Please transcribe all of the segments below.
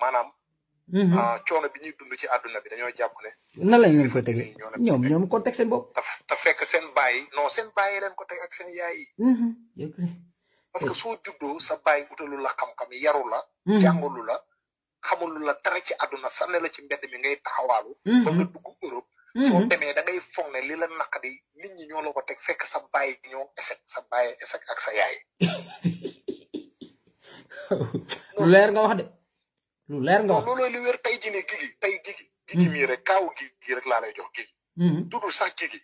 maanaam. Mhm. Ah, coono bi ñuy dund ci àdduna bi dañoo jàpp ne. nan lañ leen ko tegee ñoom ñoom ko teg seen bopp. te fekk seen baay noo seen baay yi leen ko teg ak seen yaay yi. Mhm. parce que soo juddoo sa baay utalu la xam-xam yaru la. Mhm. jàngalu la xamulu la dara ci àdduna sànne la ci mbedd mi ngay taxawaalu. ba nga demee da ngay foog ne li la naqadi nit ñi ñoo ko teg fekk sa baay ñoo échec sa baay échec ak sa yaay. leer nga wax de. lu leer nga wax loolooy li wér tey jii gigi tey gigi gigi hmm. mii rek kaaw gi gi rek laa lay jox gigi hmm. tuddul sax gigi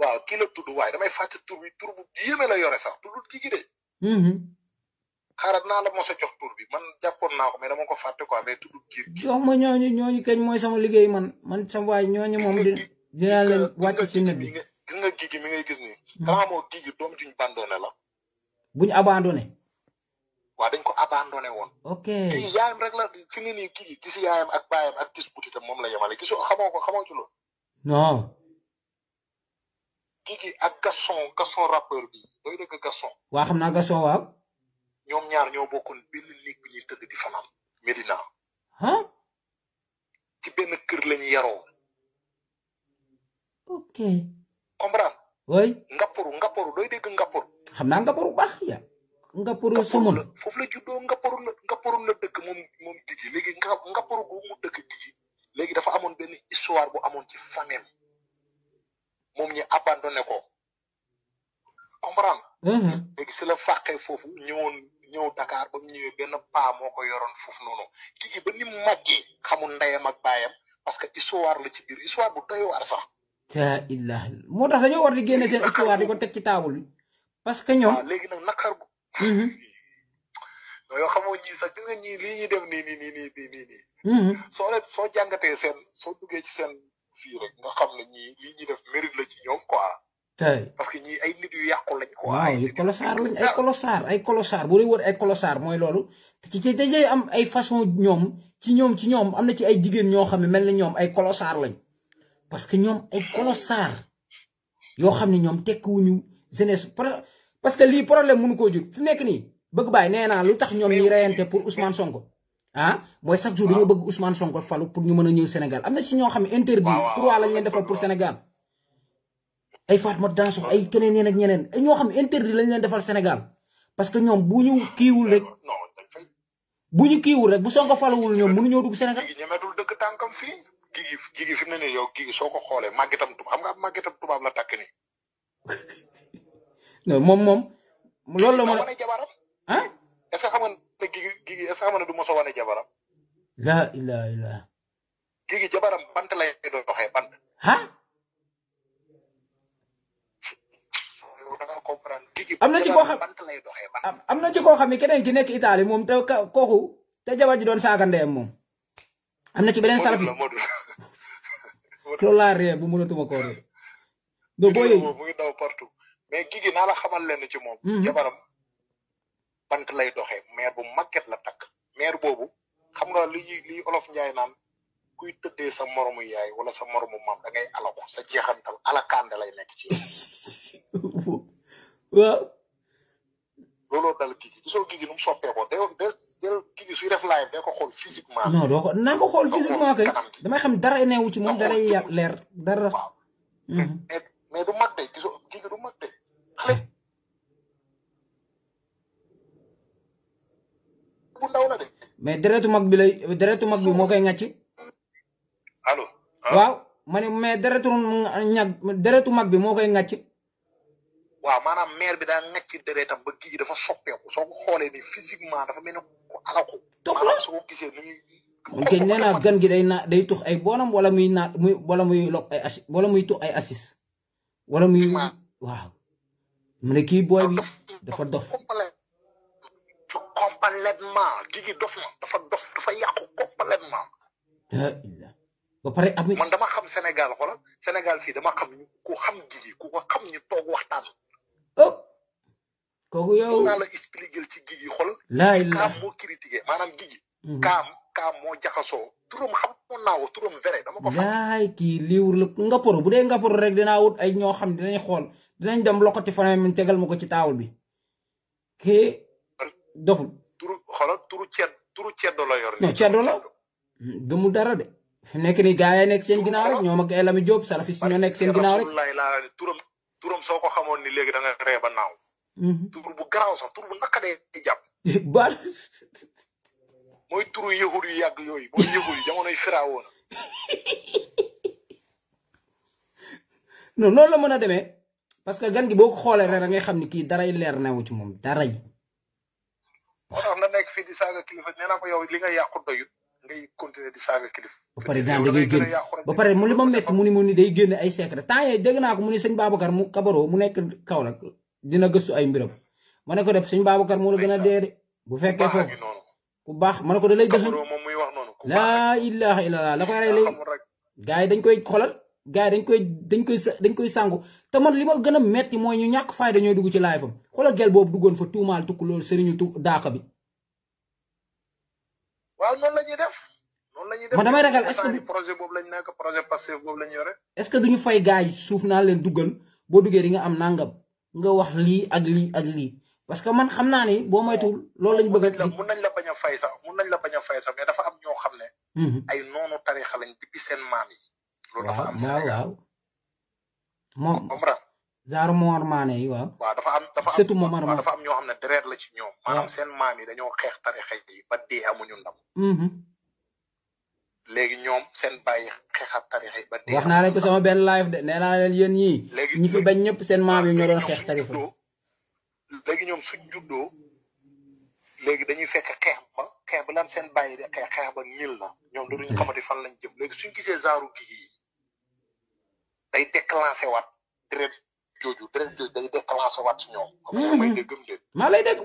waaw kii la tudd waaye damay fàtte tur bi tur bu yéeme la yore sax tuddul gigi de hmm. xaaral naa la mos a jox tur bi man jàppoon naa ko mais dama ko fàtte quoi mais tuddul giir gi jox ma ñooñu kañ mooy sama liggéey man man sama waay ñooñu moom di dinaa leen wàcc si bi gis nga gigi mi nga gis nii xanaa moo gigi doom juñ abandonné la buñu abandonné waa dañ ko abandonné woon. ok kii yaayam rek la fi mu nii kii gis yaayam ak baayam ak gis butitam moom la yemale gisu xamoo ko xamoo ci loolu. kii kii ak Gaston rappeur bi doy dëgg Gaston. waa xam naa Gaston waaw. ñoom ñaar ñoo bokkoon benn néeg bi ñuy tëdd di fanaan Medina. ah. ci benn kër lañu yaroo. ok. comprendre. oui. Ngapparu Ngapparu doy dëgg Ngapparu. xam naa Ngapparu baax ya ngapparu sumul foofu la juddoo ngapparu la ngapparu la dëkk moom moom Didji léegi nga ngapparu gu mu dëkk léegi dafa amoon benn histoire bu amoon ci famem moom ñu abandonné ko comprendre mhm. léegi si la fàqee foofu ñëwoon ñëw Dakar ba mu ñëwee benn paa ko yoroon foofu noonu Didji ba ni màggee xamul ndeyam ak baayam parce que histoire la ci biir histoire bu doy waar sax taa illah moo tax dañoo war di génne seen histoire di ko teg ci taabul bi parce que ñoom léegi nag naqar non mm-hmm. yoo xamoo ñii sax gis nga ñii lii def nii nii nii nii nii nii nii mm-hmm. soo leen soo jàngatee seen soo duggee seen fii rek nga xam ne ñii lii def mérite la ci ñoom quoi parce que ñii ay nit yu yàqu lañ quoi waaw yu colossar lañ ay colossar ay colossar bu lay wër ay colossar mooy loolu ci ci dajay am ay façon ñoom ci ñoom ci ñoom am na ci ay jigéen ñoo xam ne mel na ñoom ay colossar lañ parce que ñoom ay colossar yoo xam ne ñoom tekkiwuñu jeunesse parce que lii problème mënu koo jur fu nekk nii bëgg bàyyi nee naa lu tax ñoom ñi reyante pour Ousmane Sonko ah mooy chaque jour dañoo ah. bëgg Ousmane Sonko falu pour ñu mën a ñëw Sénégal am na ci ñoo xam ne interdit trois lañ leen defal pour Sénégal ay Fatoumata Danso ay keneen ñeneen ak ñeneen ñoo xam interdit lañ leen defal Sénégal parce que ñoom bu ñu kiiwul rek bu ñu kiiwul rek bu Sonko faluwul ñoo dugg Sénégal. gigi gigi fi mu ne nii yow soo ko xoolee màggetam tubaab xam nga màggetam tubaab la takk nii moom moom. loolu la ma ah. est-ce que xam nga ne Guigui Guigui est-ce que xam nga ne du mos a wane jabaram. laa ilaaha illallaah. Guigui jabaram bant lay doxee bant. ah. am na ci koo xam am na ci koo xam ne keneen ki nekk Italie moom te kooku te jabar ji doon saaga ndeyam moom. am na ci beneen salafi loolu laa ree bu mënatuma koo ree. do mais gigi naa la xamal leen ci moom. Mhm. jabaram bant lay doxe maire bu màgget la takk. maire boobu xam nga li li olof njaay naan kuy tëddee sa moromu yaay wala sa moromu maam da ngay alaku sa jeexantal alakaande lay nekk ci yow. waaw. looloo dal gigi xam dara neewu ci moom dalay leer dara. Mhm. du mag de gisoo du mag mais deretu mag bi lay deretu mag bi moo koy ŋàcc. allo. Ah. waaw ma mais deretu ñag deretu mag bi moo koy ŋàcc. waaw maanaam mère bi daal ŋàcc deretam ba kii dafa soppeeku soo ko xoolee ni physiquement dafa mel ku alaku. toog la maanaam soo ko gisee naa gan day naa day tux ay bonam wala muy naat muy wala ay assis wala muy tux ay assis. wala muy waaw. mu ne kii booy dafa dof complètement digi dof na dafa dof dafa yàqu complètement ba pare am man dama xam Sénégal xoolal Sénégal fii dama xam ku xam jigi ku ko xam ñu toog waxtaan ëpp oh, kooku yow naa la expliquer ci jigi xoolal kaam boo critiqué maanaam jigi mhm. kaam avocat moo jaxasoo turam xamoon naa ko turam vrai dama ko. yaay kii liiwur la Ngapore bu dee Ngapore rek dinaa wut ay ñoo xam dinañ xool dinañ dem loxoti fanweeri mi tegal ma ko ci taawul bi. kii doful. turu xoolal turu ceeb turu ceddo la yor. non ceddo la gëmul dara de. fi nekk nii gars nekk seen ginnaaw rek ñoom ak El Hadj Diop Salafis nekk seen ginnaaw rek. turam turam soo ko xamoon ni léegi da nga ree naaw. Mhm. tur bu garaaw sax tur bu naka dee jàpp. mooy turu yëhur yu mooy yëhur yi jamonoy noonu la mën a demee parce que gan gi boo xoolee rek da ngay xam ni kii daray leer newu ci moom daray. moo tax nga yow li nga yàqu doyut ngay continuer di saaga ba pare daan da ngay génn mu li ma métti mu ni mu ni day génne ay secret temps yii dégg naa ko mu ni sëñ Babacar mu kabaroo mu nekk Kaolack dina gëstu ay mbiram ma ne ko def sëñ Babacar moo la gën a dee de bu fekkee foofu. ku baax ma ne ko da lay dëxëñ laa ilaha illallah la koy rey lay gars yi dañ koy xolal gars yi dañ koy dañ koy dañ koy sàngu te man li ma gën a metti mooy ñu ñàkk fay dañoo dugg ci laay fam xoolal gel boobu duggoon fa tuumaal tukk loolu sëriñu tu daaka bi waaw la ñuy def noonu la def man damay ragal est-ce que projet boobu lañ nekk projet passif boobu lañ yore est-ce que duñu fay gars yi suuf naa leen duggal boo duggee di nga am nangam nga wax lii ak lii ak lii parce que man xam naa ni boo moytuwul loolu lañ bëgg a. mun nañ la bañ a fay sax mun nañ la bañ fay sax mais dafa am ñoo xam ne. Mm-hmm. ay noonu tarixa lañ depuis seen maam yi. dafa am Sénégal moom genre Momar Mané yi waaw. waaw dafa am dafa am surtout Momar Mané dafa am ñoo xam ne deret la ci ñoom. maanaam seen maam yi dañoo xeex tarixa yi ba dee amuñu ndam. Mm-hmm. léegi ñoom seen bàyyi xeexat tarixa yi ba dee. wax naa leen ko sama benn live de nee naa leen yéen ñii. léegi ñi fi bañ ñëpp seen maam yi ñoo doon léegi ñoom suñ juddoo léegi dañuy fekk xeex ba xeex ba lan seen bàyyi de xeex xeex ba niil la ñoom mm-hmm. xamati fan lañ jëm léegi suñ gisee genre gii yi day déclenché waat deret jooju deret jooju day déclenché waat si comme ñoom mm-hmm. maa lay dégg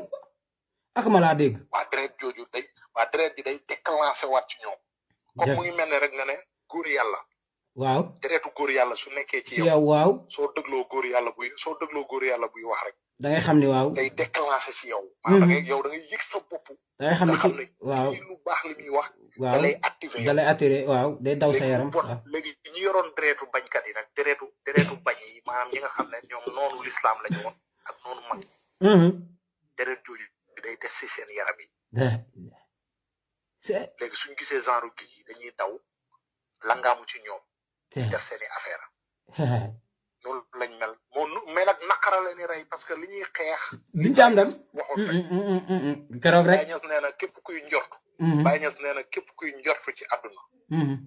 ak ma laa dégg. jooju day waa deret ji day déclenché waat ci ñoom. mu ngi mel ne rek nga ne góor yàlla. waaw deretu góor yàlla su nekkee ci yow. waaw soo dégloo góor yàlla buy soo dégloo góor yàlla buy wax rek. da ngay xam ni waaw. day déclenché mhm. da ngay yow da ngay yëg sa bopp. da ngay xam ne kii waaw lu baax wax. waaw da lay activé da lay attiré waaw day daw sa yaram. waaw léegi ñi yoroon deretu bañkat yi nag deretu deretu bañ yi maanaam ñi nga xam ne ñoom noonu lislaam la ak noonu mag yi. Mhm. deret jooju day des ci seen yaram yi. léegi suñu gisee genre kii yi dañuy daw langaamu ci ñoom. def seen i affaire. lañ mel xara ni rey parce que li ñuy xeex. liñ ci àndal waxut rek. keroog rek Baye Niass nee na képp kuy njort. Mm-hmm. Baye Niass nee na képp kuy njort ci àdduna. Mm-hmm.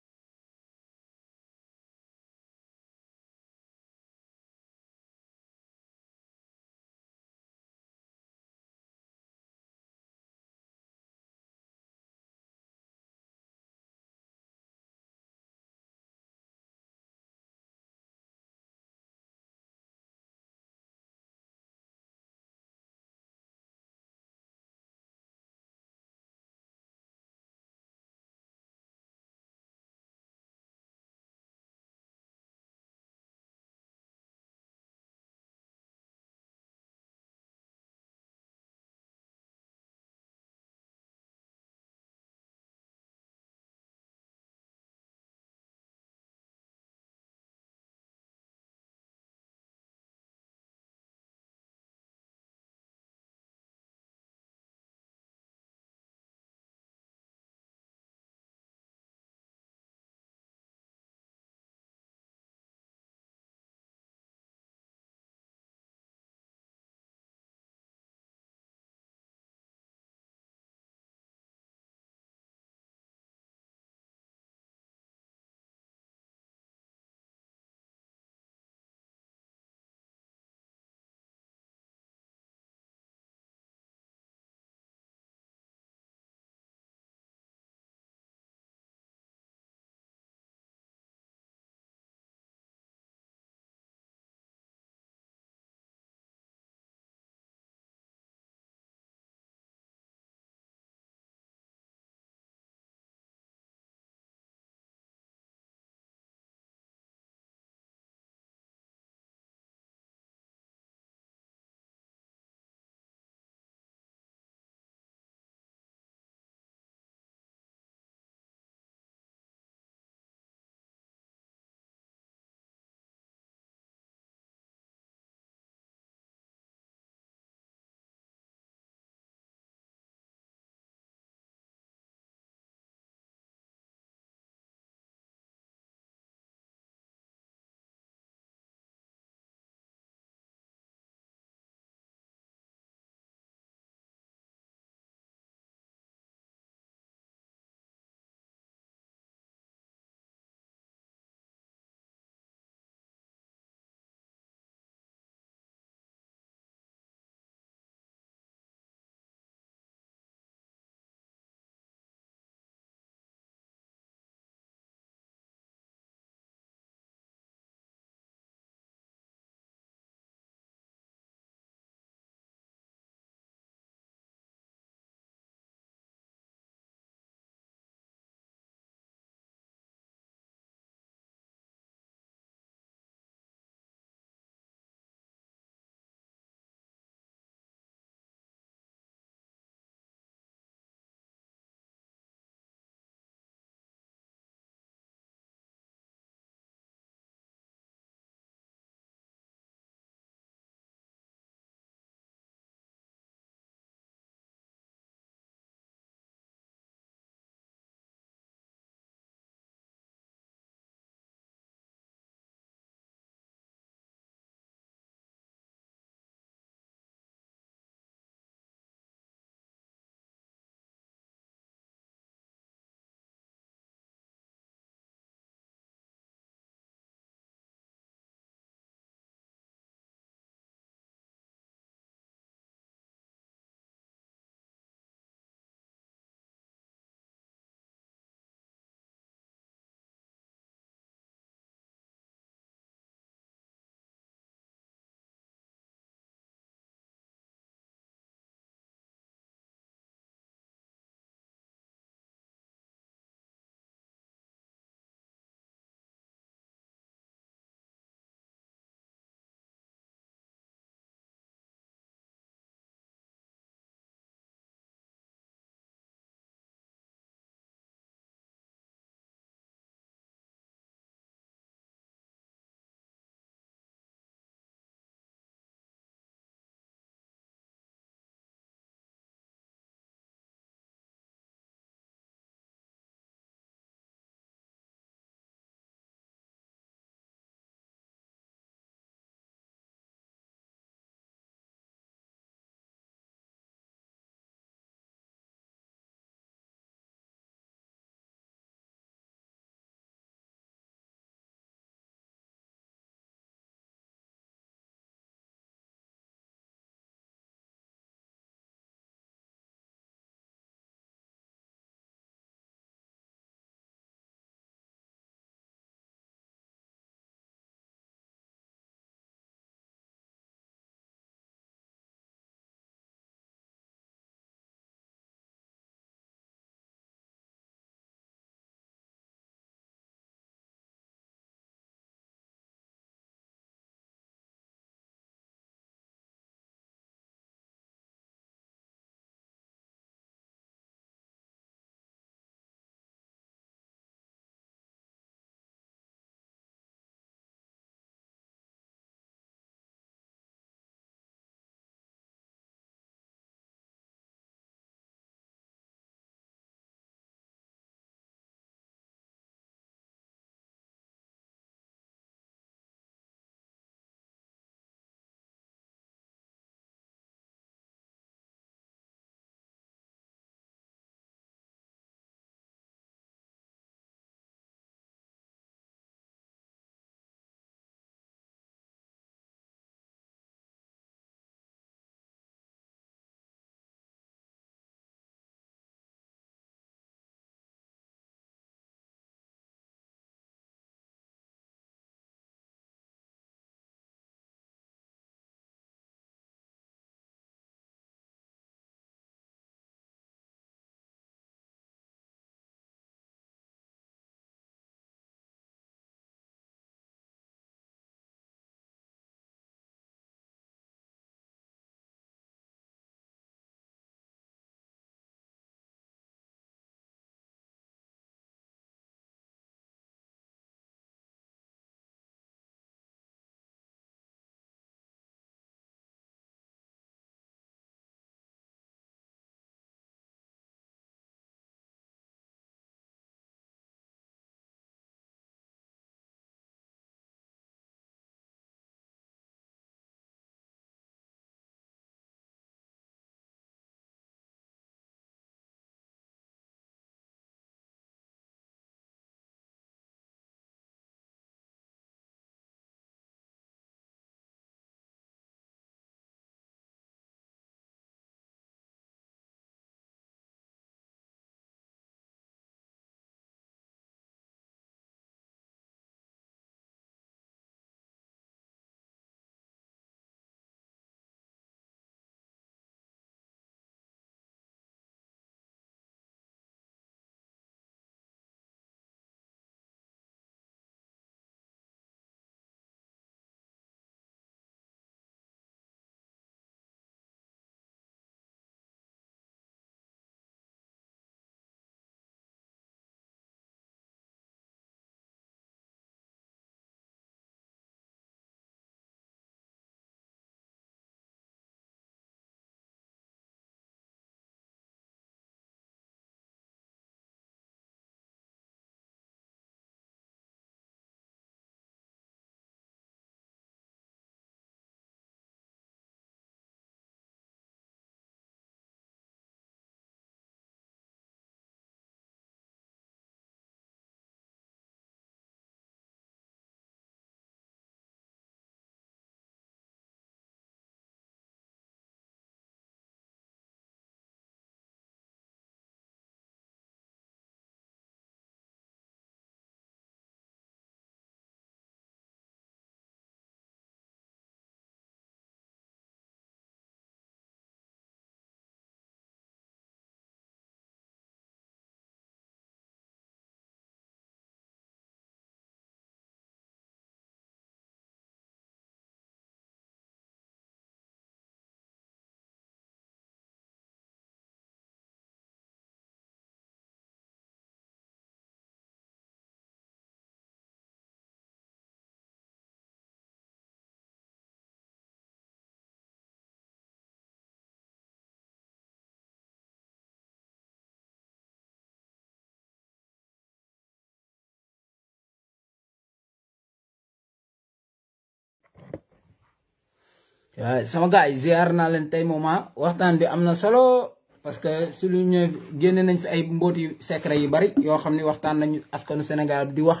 waaw sama gars yi ziar naa leen tey mooma ah, waxtaan bi am na solo parce que su lu ñëw génne nañ fi ay mbooti secret yu bari yoo xam ni waxtaan nañu askanu Sénégal di wax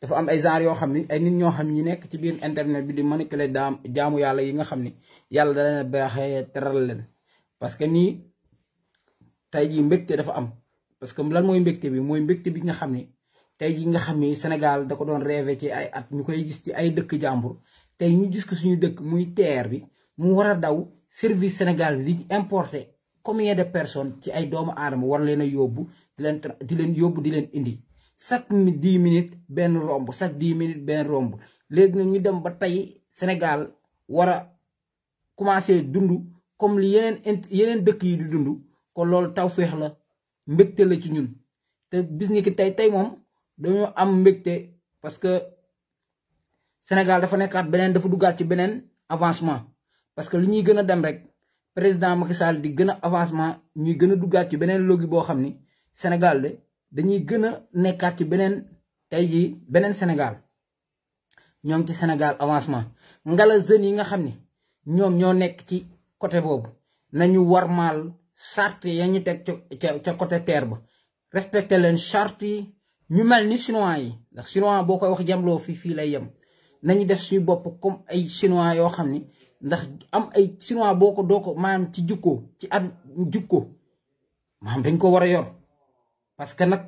dafa am ay genre yoo xam ni ay nit ñoo xam ñu nekk ci biir internet bi di manipuler daam jaamu yàlla yi nga xam ni yàlla da leen teral leen parce que nii tey jii mbégte dafa am parce que lan mooy mbégte bi mooy mbégte bi nga xam ni tey jii nga xam ni Sénégal da ko doon rêvé ci ay at ñu koy gis ci ay dëkk jàmbur tey ñu gis ko suñu dëkk muy TER bi mu war a daw service Sénégal bi di importer combien de personnes ci ay doomu aadama war leen a yóbbu di leen di leen yóbbu di leen indi chaque dix minutes benn romb chaque di minutes benn romb léegi nag ñu dem ba tey Sénégal war a commencé dund comme li yeneen dëkk yi di dund kon loolu tawféex la mbégte la ci ñun te bis ki tey tey moom dañoo am mbégte parce Sénégal dafa nekkaat beneen dafa duggaat ci beneen avancement parce que li ñuy gën a dem rek président Macky Sall di gën a avancement ñuy gën a duggaat ci beneen logi boo xam ni Sénégal dañuy gën a nekkaat ci beneen tey jii beneen Sénégal ñoo ngi ci Sénégal avancement ngala jeunes yi nga xam ni ñoom ñoo nekk ci côté boobu nañu warmaal charte ya ñu teg ca ca côté terre ba respecté leen charte yi ñu mel ni chinois yi ndax chinois boo koy wax jemloo fii fii lay yem nañu def suñu bopp comme ay chinois yoo xam ni ndax am ay chinois boo ko doo ko maanaam ci jukkoo ci at jukkoo maanaam dañ koo war a yor parce que nag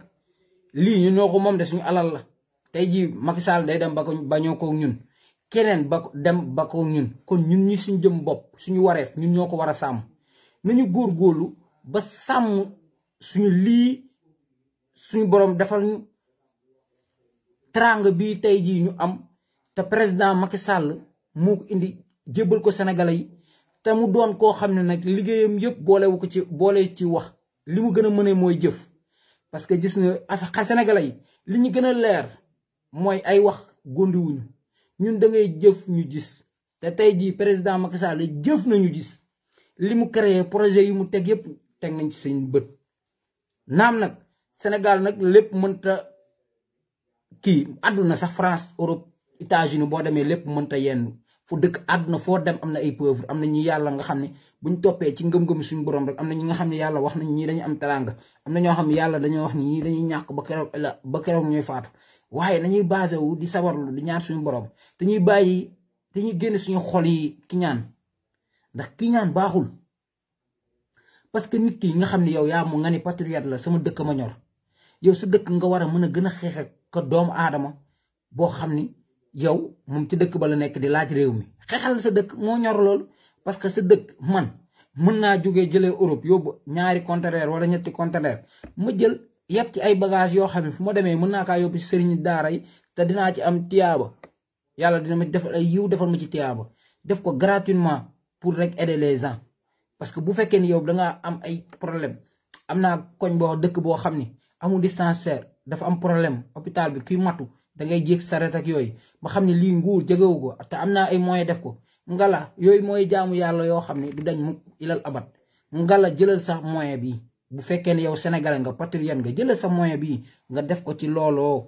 lii ñu ñoo ko moom de suñu alal la tey jii Macky Sall day dem ba ko ko ñun keneen ba dem ba ñun kon ñun ñi suñu jëm bopp suñu wareef ñun ñoo ko war a sàmm nañu góorlu ba sàmm suñu lii suñu borom defal ñu teraanga bii tey jii ñu am te président Macky Sall moo ko indi jébbal ko Sénégalais yi te mu doon koo xam ne nag liggéeyam yëpp boolewu ko ci boole ci wax li mu gën a mënee mooy jëf. parce que gis na affaire Sénégalais yi li ñu gën a leer mooy ay wax gondiwuñu ñun dangay ngay jëf ñu gis te tey jii président Macky Sall jëf nañu gis li mu créer projet yi mu teg yëpp teg nañ ci seen bët naam nag Sénégal nag lépp mënta kii àdduna sax France Europe. États-Unis boo demee lépp mënta yenn fu dëkk àdduna foo dem am na ay pauvre am na ñi yàlla nga xam ne ñu toppee ci ngëm-ngëm suñu borom rek am na ñi nga xam ne yàlla wax nañ ñii dañu am teraanga am na ñoo xam ne yàlla dañoo wax ni dañuy ñàkk ba keroog la ba keroog ñooy faatu waaye nañuy basé wu di sawarlu di ñaan suñu borom te ñuy bàyyi te ñuy génn suñu xol yi ki ñaan ndax ki ñaan baaxul parce que nit ki nga xam ne yow yaa mu nga ni patriote la sama dëkk ma ñor yow sa dëkk nga war a mën a gën a xeex ak doomu aadama boo xam ni yow moom ci dëkk ba la nekk di laaj réew mi xeexal sa dëkk moo ñor loolu parce que sa dëkk man mun naa jógee jëlee Europe yóbbu ñaari conteneur wala ñetti conteneur ma jël yëpp ci ay bagage yoo xam ne fu ma demee mën naa kaa yóbbu si sëriñ daara te dinaa ci am tiyaaba yàlla dina ma defal ay yiw defal ma ci tiyaaba def ko gratuitement pour rek aider les gens parce que bu fekkee ni yow da ngaa am ay problème am naa koñ boo dëkk boo xam ni amul dispensaire dafa am problème hôpital bi kuy matu. da ngay jéeg saret ak yooyu ba xam ne lii nguur jegewu ko te am naa ay moyens def ko ngala yooyu mooy jaamu yàlla yoo xam ne du dañ mu ilal abat ngala jëlal sax moyen bi bu fekkee ne yow sénégalais nga patriote nga jëlal sa moyen bi nga def ko ci looloo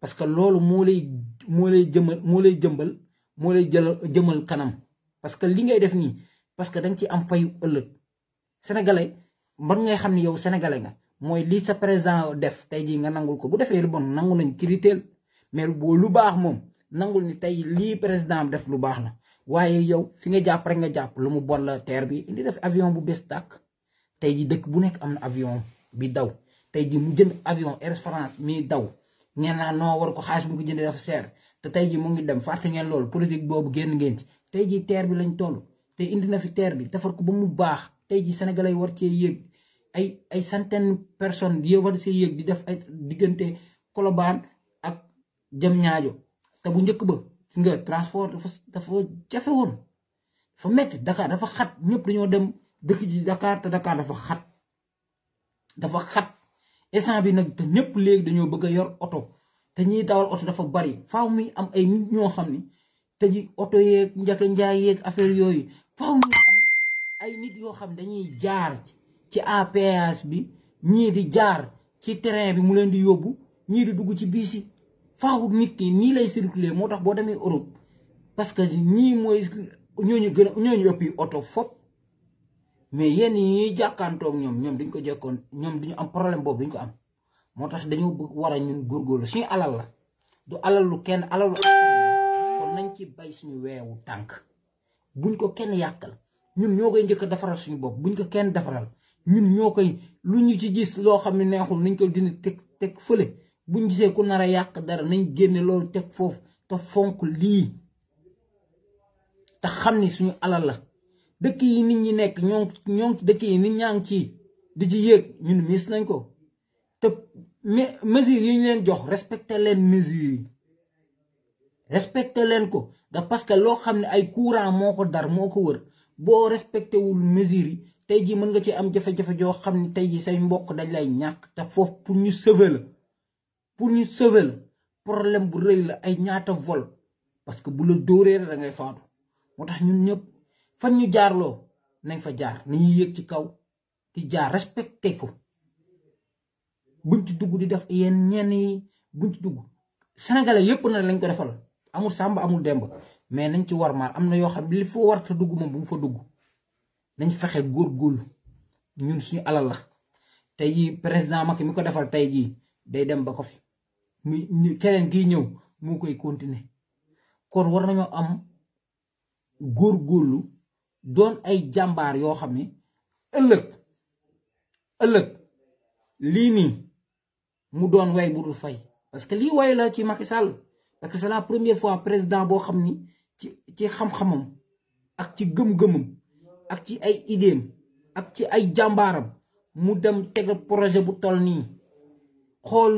parce que loolu moo lay moo lay jëmal moo lay jëmbal moo lay jël jëmal kanam parce que li ngay def nii parce que da nga ci am fayu ëllëg sénégalais mën ngay xam ni yow sénégalais nga mooy lii sa président def tey jii nga nangul ko bu defee lu bon nangu nañ ci riteel mais boo lu baax moom nangul ni tey lii président def lu baax la waaye yow fi nga jàpp rek nga jàpp lu mu bon la teer bi indi def avion bu bees tàkk tey ji dëkk bu nekk am na avion bi daw tey ji mu jënd avion Air France mi daw ngeen naa noo war ko xaalis mu ko jëndee dafa seer te tey ji mu ngi dem fàtte ngeen loolu politique boobu génn ngeen ci tey ji teer bi lañ toll te indi na fi teer bi defar ko ba mu baax tey ji sénégalais war cee yéeg ay ay centaine personnes yoo war ci yéeg di def ay diggante Colobane jëm ñaajo te bu njëkk ba gis nga transport dafa dafa jafe woon dafa dafa xat ñëpp dañoo dem dëkk ji Dakar te Dakar dafa xat dafa xat essence bi nag te ñëpp léegi dañoo bëgg a yor oto te ñiy dawal oto dafa bari faw muy am ay nit ñoo xam ni te ji oto yeeg njëkk njaay yeeg yooyu faaw nit yoo xam dañuy jaar ci APS bi ñii di jaar ci terrain bi mu leen di yóbbu ñii di dugg ci biisi faaw nit ki nii lay circuler moo tax boo demee Europe parce que ñii mooy ñooñu gën a ñooñu ëpp oto fop mais yenn yi ñuy jàkkaantoog ñoom ñoom duñ ko jekkoon ñoom duñu am problème boobu duñ ko am moo tax dañu war a ñun góorgóorlu suñu alal la du alal lu kenn alal lu nañ ci bay suñu weewu tànk buñ ko kenn yàqal ñun ñoo koy njëkk defaral suñu bopp buñ ko kenn defaral ñun ñoo koy lu ñu ci gis loo xam ne neexul nañ ko dina teg teg fële buñ gisee ku nar a yàq dara nañ génne loolu teg foofu te fonk lii te xam ni suñu alal la dëkk yi nit ñi nekk ñoo dëkk yi nit ñaa ngi ci di ci yéeg ñun miis nañ ko te mesure yi ñu leen jox respecté leen mesure yi respecté leen ko da parce que loo xam ne ay courant moo ko dar moo ko wër boo respecté wul mesure yi tey jii mën nga ci am jafe-jafe joo xam ni tey jii say mbokk dañ lay ñàkk te foofu pour ñu sauver la pour ñu sauver la problème bu rëy la ay ñaata vol parce que bu la dóoree da ngay faatu moo tax ñun ñëpp fan ñu jaarloo nañ fa jaar nañuy yéeg ci kaw di jaar respecté ko buñ dugg di def yenn ñenn yi dugg sénégalais yëpp na lañ ko defal amul sàmba amul demba mais nañ ci war maar am na yoo xam ne li foo war a dugg moom bu fa dugg nañ fexe góorgóorlu ñun suñu alal la tey jii président Macky mi ko defal tey jii day dem ba ko fi. muy keneen kiy ñëw mu koy continuer kon war nañoo am góor góorlu doon ay jàmbaar yoo xam ne ëllëg ëllëg lii nii mu doon way bu dul fay parce que lii way la ci Macky Sall parce la première fois président boo xam ni ci ci xam-xamam ak ci gëm-gëmam ak ci ay idéem ak ci ay jàmbaaram mu dem tegal projet bu toll nii xool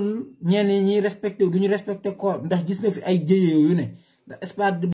ñenn ñi respecté gu ñu respecté corps ndax gis na fi ay jëyee yu ne ndax